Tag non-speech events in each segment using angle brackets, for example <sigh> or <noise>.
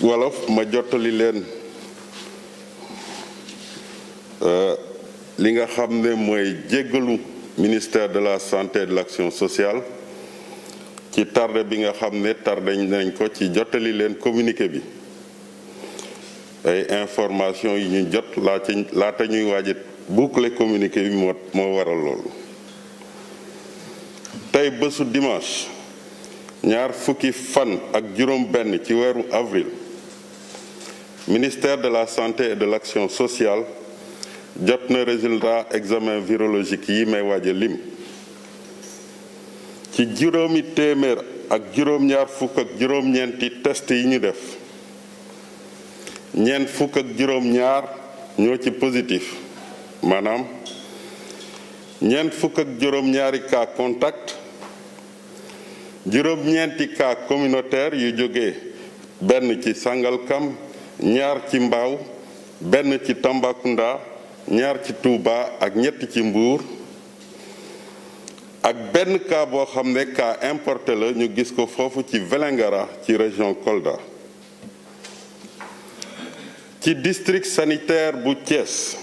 wolof ma jottali leen euh, li nga xam ne mooy jéggalu ministère de la santé et de l'action sociale ci tardé bi nga xam ne tardé nañ ko ci jottali leen communiqué bi ay information yu ñu jot laa ci laata ñuy waaj boucler communiqué bi moo moo waral loolu tey bésu dimanche ñaar fukki fan ak juróom benn ci weeru avril ministère de la santé et de l'action sociale jot na résultat examen virologique yi may waaj lim ci juróomi téeméer ak juróom-ñaar fukk ak juróom-ñeenti test yi ñu def ñeent fukk ak juróom-ñaar ñoo ci positif maanaam ñeent fukk ak juróom-ñaari cas contact juróom-ñeenti cas communautaire yu jóge benn ci Sangalkam ñaar ci mbaaw benn ci Tambacounda ñaar ci Touba ak ñett ci Mbour ak benn cas boo xam ne kaa importé la ñu gis ko foofu ci Vélingara ci région Kolda ci district sanitaire bu Thiès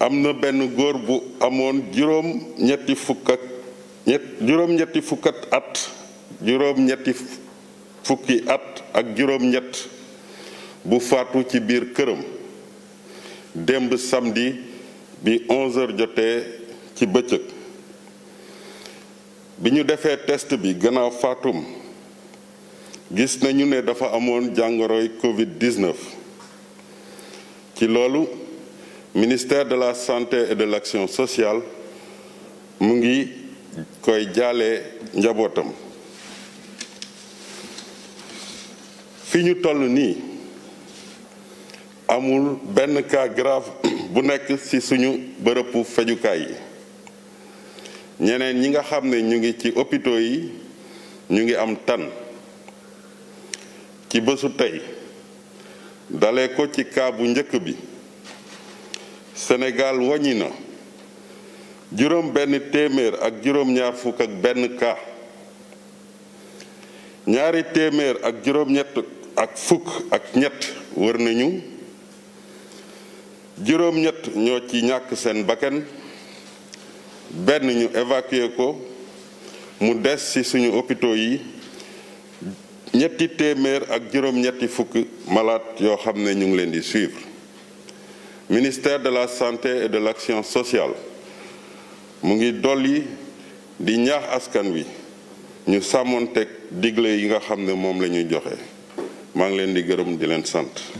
am na benn góor bu amoon juróom ñetti juróom ñetti fukkat at juróom ñetti fukki at ak juróom ñett bu faatu ci biir këram démb samdi bi 11h jotee ci bëccëg bi ñu defee test bi gannaaw faatum gis nañu ne dafa amoon jàngoroy Covid-19 ci loolu ministère de la santé et de l'action sociale mu ngi koy jaalee njabootam fi ñu toll nii amul benn cas grave <clears throat> bu nekk ci suñu bërëbu fajukaay yi ñeneen ñi nga xam ne ñu ngi ci hôpitaux yi ñu ngi am tan ci bésu tey dale ko ci cas bu njëkk bi senegal wàññi na juróom benn téeméer ak juróom ñaar ñaari téeméer ak juróom ñett fukk ak ñett wër nañu juróom-ñett ñoo ci ñàkk seen bakkan benn ñu évacué ko mu des ci suñu hôpitaux yi ñetti téeméer ak juróom-ñetti fukk malaat yoo xam ne ñu ngi leen di suivre ministère de la santé et de l'action sociale mu ngi dolli di ñaax askan wi ñu sàmmoon teg digle yi nga xam ne moom la ñuy joxe maa ngi leen di gërëm di leen sant